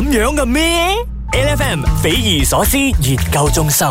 咁樣嘅咩？L F M，匪夷所思研究中心。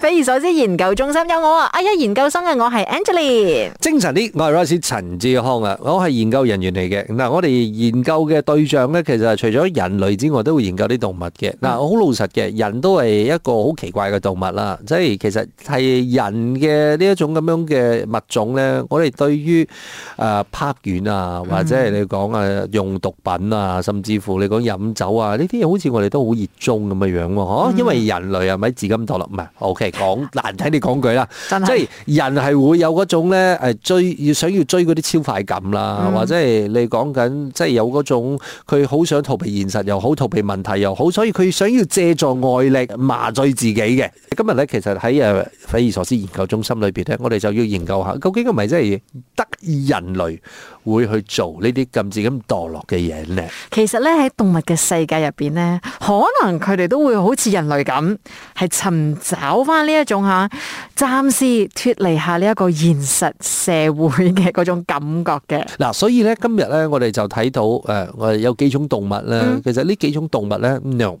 匪夷所思研究中心有我啊！啊研究生啊，我係 Angelie 精神啲。我係老師陳志康啊，我係研究人員嚟嘅。嗱，我哋研究嘅對象咧，其實除咗人類之外，都會研究啲動物嘅。嗱，我好老實嘅，人都係一個好奇怪嘅動物啦。即係其實係人嘅呢一種咁樣嘅物種咧，我哋對於誒拍丸啊，或者係你講啊用毒品啊，甚至乎你講飲酒啊，呢啲嘢好似我哋都好熱衷咁嘅樣喎、啊，嗬、啊？因為人類係咪自甘墮落？唔係，O K。OK 講難聽啲講句啦，真係的人係會有嗰種咧誒追要想要追嗰啲超快感啦，嗯、或者係你講緊即係有嗰種佢好想逃避現實又好逃避問題又好，所以佢想要借助外力麻醉自己嘅。今日咧其實喺誒匪夷所思研究中心裏邊咧，我哋就要研究下究竟係咪真係得人類會去做呢啲禁止咁墮落嘅嘢咧？其實咧喺動物嘅世界入邊咧，可能佢哋都會好似人類咁係尋找翻。呢一種吓，暫時脫離下呢一個現實社會嘅嗰種感覺嘅。嗱，所以咧今日咧，我哋就睇到誒，我哋有幾種動物咧。其實呢幾種動物咧，唔用。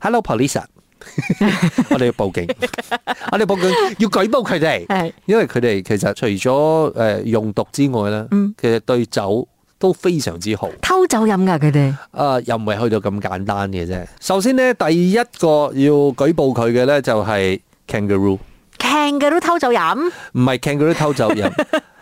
Hello，police，我哋要報警，我哋報警要舉報佢哋，係，因為佢哋其實除咗誒用毒之外咧，其實對酒都非常之好，偷酒飲㗎佢哋。誒，又唔係去到咁簡單嘅啫。首先咧，第一個要舉報佢嘅咧，就係。Kangaroo，Kangaroo Kang 偷走人？唔係 Kangaroo 偷走人。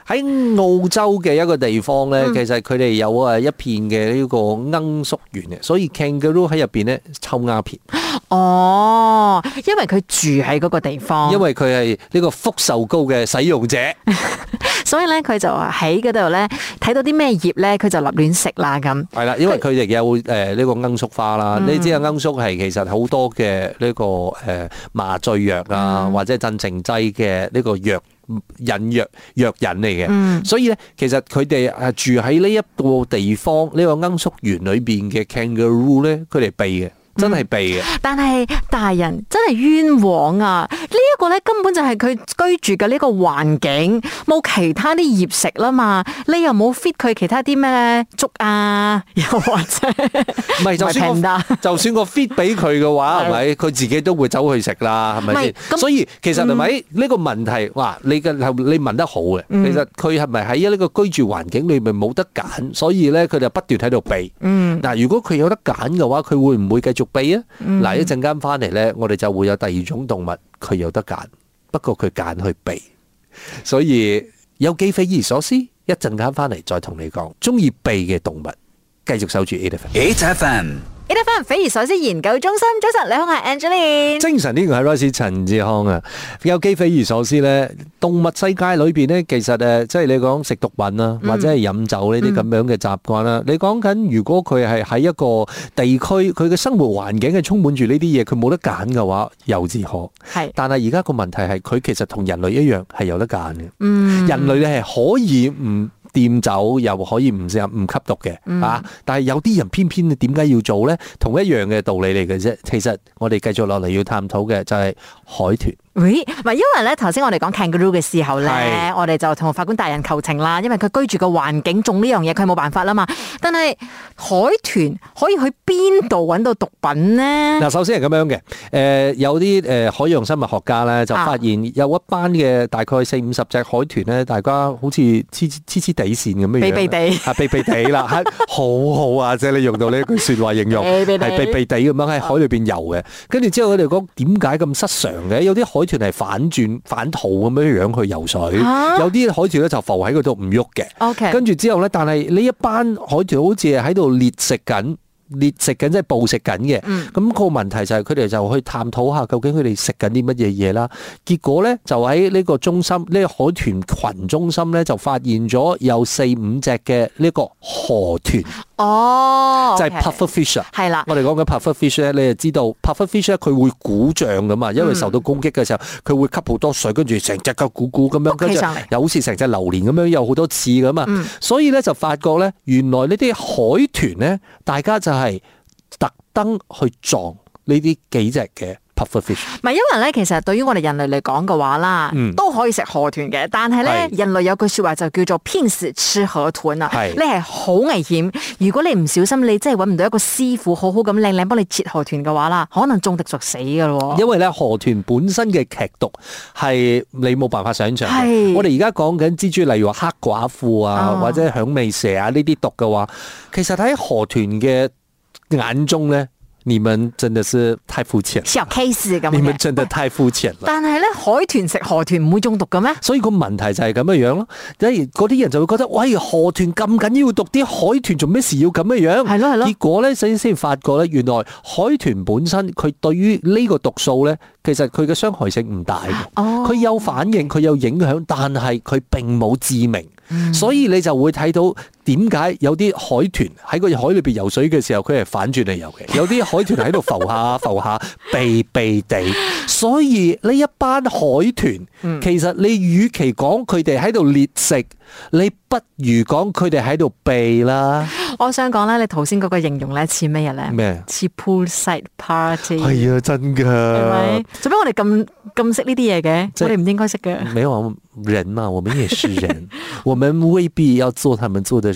喺 澳洲嘅一個地方咧，其實佢哋有啊一片嘅呢個罌粟園嘅，所以 Kangaroo 喺入邊咧抽鴉片。哦，因為佢住喺嗰個地方，因為佢係呢個福壽膏嘅使用者。 所以咧，佢就喺嗰度咧睇到啲咩葉咧，佢就立亂食啦咁。係啦，因為佢哋有呢他、呃這個罌粟花啦，你知啊，罌粟係其實好多嘅呢、這個、呃、麻醉藥啊，嗯、或者鎮靜劑嘅呢個藥引藥藥引嚟嘅。嗯、所以咧，其實佢哋住喺呢一個地方、這個、呢個罌粟園裏面嘅 Kangaroo 咧，佢哋避嘅，真係避嘅、嗯。但係大人真係冤枉啊！呢一個咧根本就係佢居住嘅呢個環境，冇其他啲葉食啦嘛，你又冇 fit 佢其他啲咩竹啊，又或者唔係就算個就算個 fit 俾佢嘅話，係咪佢自己都會走去食啦？係咪先？所以其實係咪呢個問題？哇！你嘅係你問得好嘅，其實佢係咪喺呢個居住環境裏面冇得揀，所以咧佢就不斷喺度避。嗯，嗱，如果佢有得揀嘅話，佢會唔會繼續避啊？嗱，一陣間翻嚟咧，我哋就會有第二種動物。佢有得揀，不過佢揀去避，所以有幾匪夷所思。一陣間翻嚟再同你講，中意避嘅動物繼續守住 Eight FM。E.T.F. 匪夷所思研究中心，早晨，你好，我係 Angeline。精神呢個係 Royce 陳志康啊，有幾匪夷所思咧？動物世界裏邊咧，其實誒，即係你講食毒品啦、啊，嗯、或者係飲酒呢啲咁樣嘅習慣啦。嗯、你講緊如果佢係喺一個地區，佢嘅生活環境係充滿住呢啲嘢，佢冇得揀嘅話，又自可係。是但係而家個問題係，佢其實同人類一樣係有得揀嘅。嗯，人類咧係可以唔？掂酒又可以唔食唔吸毒嘅、嗯、啊！但係有啲人偏偏點解要做咧？同一樣嘅道理嚟嘅啫。其實我哋繼續落嚟要探討嘅就係海豚。喂，唔因為咧，頭先我哋講 kangaroo 嘅時候咧，是我哋就同法官大人求情啦。因為佢居住嘅環境種呢樣嘢，佢冇辦法啦嘛。但係海豚可以去邊度揾到毒品呢？嗱，首先係咁樣嘅，有啲海洋生物學家咧就發現有一班嘅大概四五十隻海豚咧，大家好似黐黐黐黐底線咁樣，避避貼地地啦，好好啊，貼貼 好即係你用到呢句説話形容，係避避地咁樣喺海裏邊游嘅。跟住之後佢哋講點解咁失常嘅？有啲海團係反轉反肚咁樣樣去游水，啊、有啲海豚咧就浮喺嗰度唔喐嘅。OK，跟住之後咧，但係呢一班海豚好似係喺度獵食緊、獵食緊即係捕食緊嘅。嗯，咁個問題就係佢哋就去探討下究竟佢哋食緊啲乜嘢嘢啦。結果咧就喺呢個中心呢、呢個、海豚群中心咧就發現咗有四五隻嘅呢個河豚。哦，oh, okay, 即係 pufferfisher，係啦的。我哋講緊 pufferfisher 咧，你就知道 pufferfisher 佢會鼓脹噶嘛，因為受到攻擊嘅時候，佢、嗯、會吸好多水，跟住成隻腳鼓鼓咁樣，跟住實又好似成隻榴槤咁樣，有好多刺㗎嘛。嗯、所以咧就發覺咧，原來呢啲海豚咧，大家就係特登去撞呢啲幾隻嘅。唔係，因為咧，其實對於我哋人類嚟講嘅話啦，嗯、都可以食河豚嘅。但係咧，是人類有句說話就叫做拼死吃河豚啦。是你係好危險。如果你唔小心，你真係揾唔到一個師傅好好咁靚靚幫你切河豚嘅話啦，可能中毒就死嘅咯。因為咧，河豚本身嘅劇毒係你冇辦法想象。是我哋而家講緊蜘蛛，例如話黑寡婦啊，啊或者響尾蛇啊呢啲毒嘅話，其實喺河豚嘅眼中咧。你們真的是太膚淺，有 case 咁。你們真的太膚淺了是。但係呢，海豚食河豚唔會中毒嘅咩？所以個問題就係咁嘅樣咯。即係嗰啲人就會覺得，喂，河豚咁緊要，要毒，啲海豚做咩事要咁嘅樣？結果呢，首先先發覺呢，原來海豚本身佢對於呢個毒素呢，其實佢嘅傷害性唔大。哦，佢有反應，佢有影響，但係佢並冇致命。嗯，所以你就會睇到。點解有啲海豚喺個海裏邊游水嘅時候，佢係反轉嚟游嘅？有啲海豚喺度浮下浮下， 避避地。所以呢一班海豚，嗯、其實你與其講佢哋喺度獵食，你不如講佢哋喺度避啦。我想講咧，你頭先嗰個形容咧似咩嘢咧？咩麼？似 poolside party？係啊、哎，真噶。係咪？做咩？我哋咁咁識呢啲嘢嘅？你唔應該識嘅。沒有人嘛，我們也是人， 我們未必要做他們做的。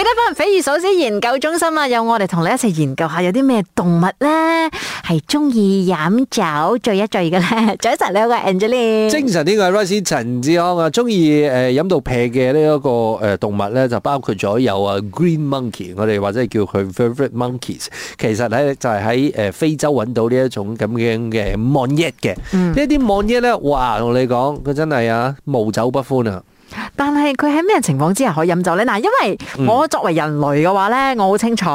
記得翻，匪夷所思研究中心啊，有我哋同你一齊研究下，有啲咩動物咧係中意飲酒醉一醉嘅咧？早晨，你好，我係 Angelina，精神，呢個係 Rice 陳志安啊，中意誒飲到劈嘅呢一個誒動物咧，就包括咗有啊 Green Monkey，我哋或者係叫佢 Vervet Monkeys，其實咧就係喺誒非洲揾到呢一種咁樣嘅 Monyet 嘅，呢一啲 Monyet 咧，哇同你講，佢真係啊無酒不歡啊！但係佢喺咩情況之下可以飲酒咧？嗱，因為我作為人類嘅話咧，我好清楚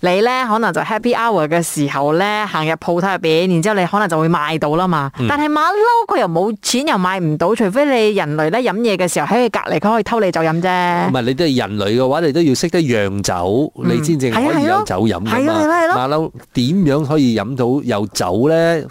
你咧可能就 happy hour 嘅時候咧行入鋪頭入邊，然之後你可能就會買到啦嘛。但係馬騮佢又冇錢，又買唔到，除非你人類咧飲嘢嘅時候喺佢隔籬，佢可以偷你酒飲啫。唔係你都係人類嘅話，你都要識得釀酒，你先至可以有酒飲噶嘛。係咯係咯係咯。馬騮點樣可以飲到有酒咧？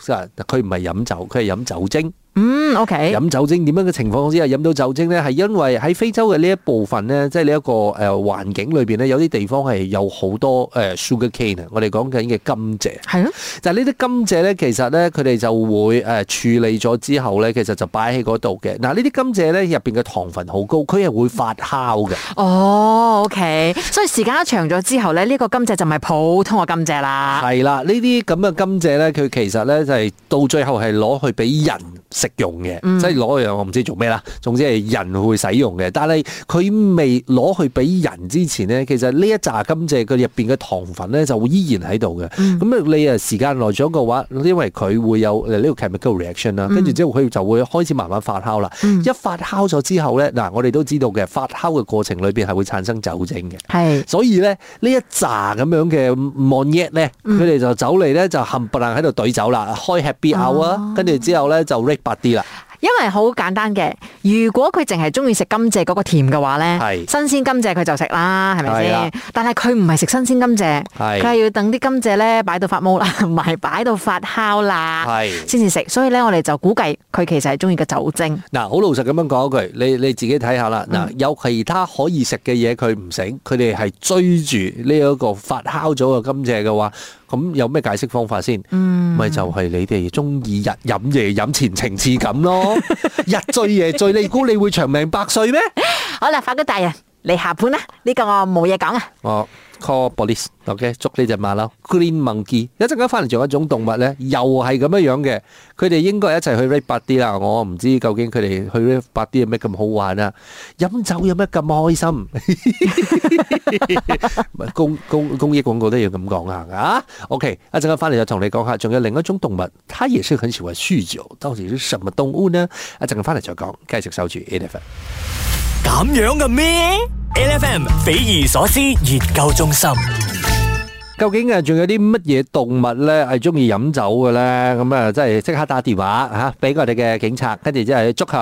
佢唔係飲酒，佢係飲酒精。嗯，OK。飲酒精點樣嘅情況之下飲到酒精咧，係因為喺非洲嘅呢一部分咧，即係呢一個誒環境裏邊咧，有啲地方係有好多誒 sugar cane，我哋講緊嘅甘蔗。係咯的。但係呢啲甘蔗咧，其實咧佢哋就會誒處理咗之後咧，其實就擺喺嗰度嘅。嗱，呢啲甘蔗咧入邊嘅糖分好高，佢係會發酵嘅。哦，OK。所以時間一長咗之後咧，呢個甘蔗就唔係普通嘅甘蔗啦。係啦，呢啲咁嘅甘蔗咧，佢其實咧就係到最後係攞去俾人。食用嘅，嗯、即係攞嗰樣我唔知做咩啦。總之係人會使用嘅，但係佢未攞去俾人之前呢，其實一金呢一紮甘蔗佢入面嘅糖分咧就會依然喺度嘅。咁、嗯、你啊時間耐咗嘅話，因為佢會有呢個 chemical reaction 啦，跟住之後佢就會開始慢慢發酵啦。嗯、一發酵咗之後咧，嗱我哋都知道嘅，發酵嘅過程裏面係會產生酒精嘅。是所以咧呢一紮咁樣嘅 monyet 咧，佢哋、嗯、就走嚟咧就冚唪唥喺度兌酒啦，開 happy hour 啊，跟住之後咧就。白啲啦，因為好簡單嘅。如果佢淨係中意食甘蔗嗰個甜嘅話呢的新鮮甘蔗佢就食啦，係咪先？的但係佢唔係食新鮮甘蔗，佢係的要等啲甘蔗呢擺到發毛啦，唔係擺到發酵啦，先至食。所以呢，我哋就估計佢其實係中意嘅酒精。嗱，好老實咁樣講一句，你你自己睇下啦。嗱，有其他可以食嘅嘢佢唔食，佢哋係追住呢一個發酵咗嘅甘蔗嘅話。咁有咩解釋方法先？咪、嗯、就係你哋中意日飲夜飲前情次咁咯， 日醉夜醉，你估你會長命百歲咩？好啦，法官大人。你下盤啦，呢、這個我冇嘢講啊。我 c o r b i e o k 捉呢隻馬騮。Green 夢 y 一陣間翻嚟仲有一種動物咧，又係咁樣樣嘅。佢哋應該一齊去 rate 八啲啦。我唔知道究竟佢哋去 rate 八啲有咩咁好玩啊？飲酒有咩咁開心？公公公益廣告都要咁講下 OK，一陣間翻嚟就同你講一下，仲有另一種動物，它也很少是很喜歡酗酒，到時啲什麼動物呢？一陣間翻嚟再講，繼續守住 e t 咁樣嘅咩？LFM 匪夷所思研究中心。究竟啊，仲有啲乜嘢動物咧係中意飲酒嘅咧？咁啊，即係即刻打電話吓，俾我哋嘅警察，跟住即係捉佢。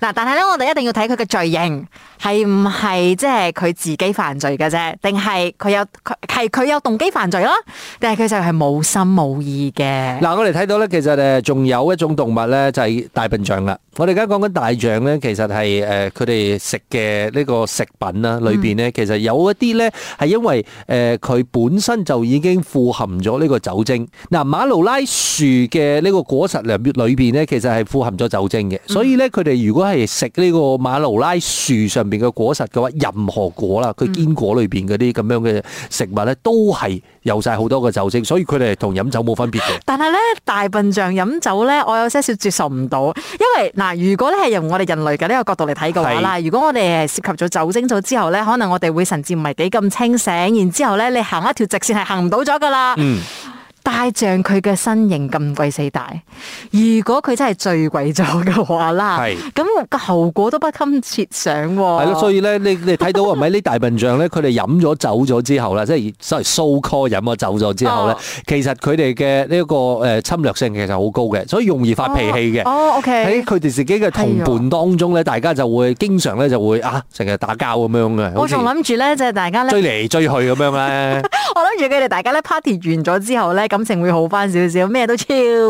嗱，但係咧，我哋一定要睇佢嘅罪行係唔係即係佢自己犯罪嘅啫，定係佢有佢係佢有動機犯罪咯，定係佢就係冇心冇意嘅。嗱，我哋睇到咧，其實誒，仲有一種動物咧，就係大笨象啦。我哋而家講緊大象咧，其實係誒，佢哋食嘅呢個食品啦，裏邊咧，其實有一啲咧係因為誒，佢本身。就已經富含咗呢個酒精。嗱，馬路拉樹嘅呢個果實咧，裏邊呢，其實係富含咗酒精嘅。所以呢，佢哋如果係食呢個馬路拉樹上邊嘅果實嘅話，任何果啦，佢堅果裏邊嗰啲咁樣嘅食物呢，都係有晒好多嘅酒精。所以佢哋同飲酒冇分別嘅。但係呢，大笨象飲酒呢，我有些少接受唔到，因為嗱、呃，如果呢係由我哋人類嘅呢、這個角度嚟睇嘅話啦，是如果我哋係涉及咗酒精咗之後呢，可能我哋會神志唔係幾咁清醒。然之後呢，你行一條直。先係行唔到咗噶啦。大象佢嘅身形咁鬼死大，如果佢真係醉鬼咗嘅話啦，咁個後果都不堪設想喎、哦。咯，所以咧，你你睇到啊咪呢大笨象咧，佢哋飲咗走咗之後咧，即係所謂 so called 飲咗走咗之後咧，哦、其實佢哋嘅呢一個誒侵略性其實好高嘅，所以容易發脾氣嘅、哦。哦，OK。喺佢哋自己嘅同伴當中咧，的大家就會經常咧就會啊成日打架咁樣嘅。我仲諗住咧，即係大家咧追嚟追去咁樣咧。 我諗住佢哋大家咧 party 完咗之後咧。感情會好翻少少，咩都超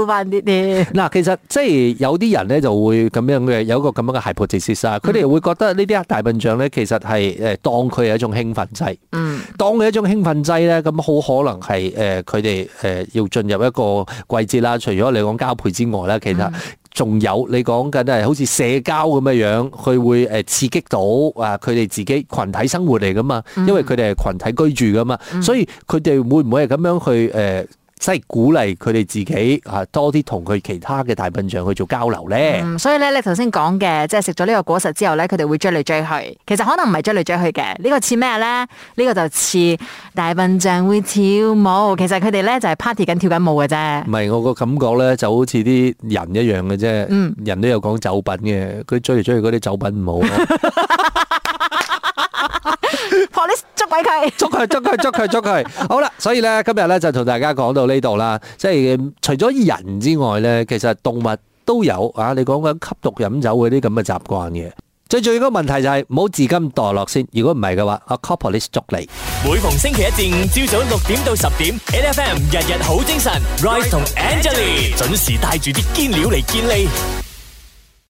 翻啲啲。嗱，其實即係有啲人咧就會咁樣嘅，有一個咁樣嘅 hypothesis 啊，佢哋會覺得呢啲大笨象咧，其實係當佢係一種興奮劑，嗯，當佢係一種興奮劑咧，咁好可能係佢哋要進入一個季節啦。除咗你講交配之外咧，其實仲有你講緊係好似社交咁嘅樣，佢會刺激到啊！佢哋自己群體生活嚟噶嘛，因為佢哋係群體居住噶嘛，所以佢哋會唔會係咁樣去即係鼓勵佢哋自己吓多啲同佢其他嘅大笨象去做交流咧，嗯。所以咧你頭先講嘅，即係食咗呢個果實之後咧，佢哋會追嚟追去。其實可能唔係追嚟追去嘅，呢個似咩咧？呢個就似大笨象會跳舞。其實佢哋咧就係 party 緊跳緊舞嘅啫。唔係，我個感覺咧就好似啲人一樣嘅啫。嗯、人都有講酒品嘅，佢追嚟追去嗰啲酒品唔好。 Police 捉鬼佢，捉佢，捉佢，捉佢，捉佢，好啦，所以咧今日咧就同大家講到呢度啦，即係除咗人之外咧，其實動物都有啊，你講緊吸毒、飲酒嗰啲咁嘅習慣嘅。最重要個問題就係唔好自甘墮落先，如果唔係嘅話，啊，police 捉你。每逢星期一至五朝早六點到十點，L F M 日日好精神，Rise 同 Angelina 準時帶住啲堅料嚟見你。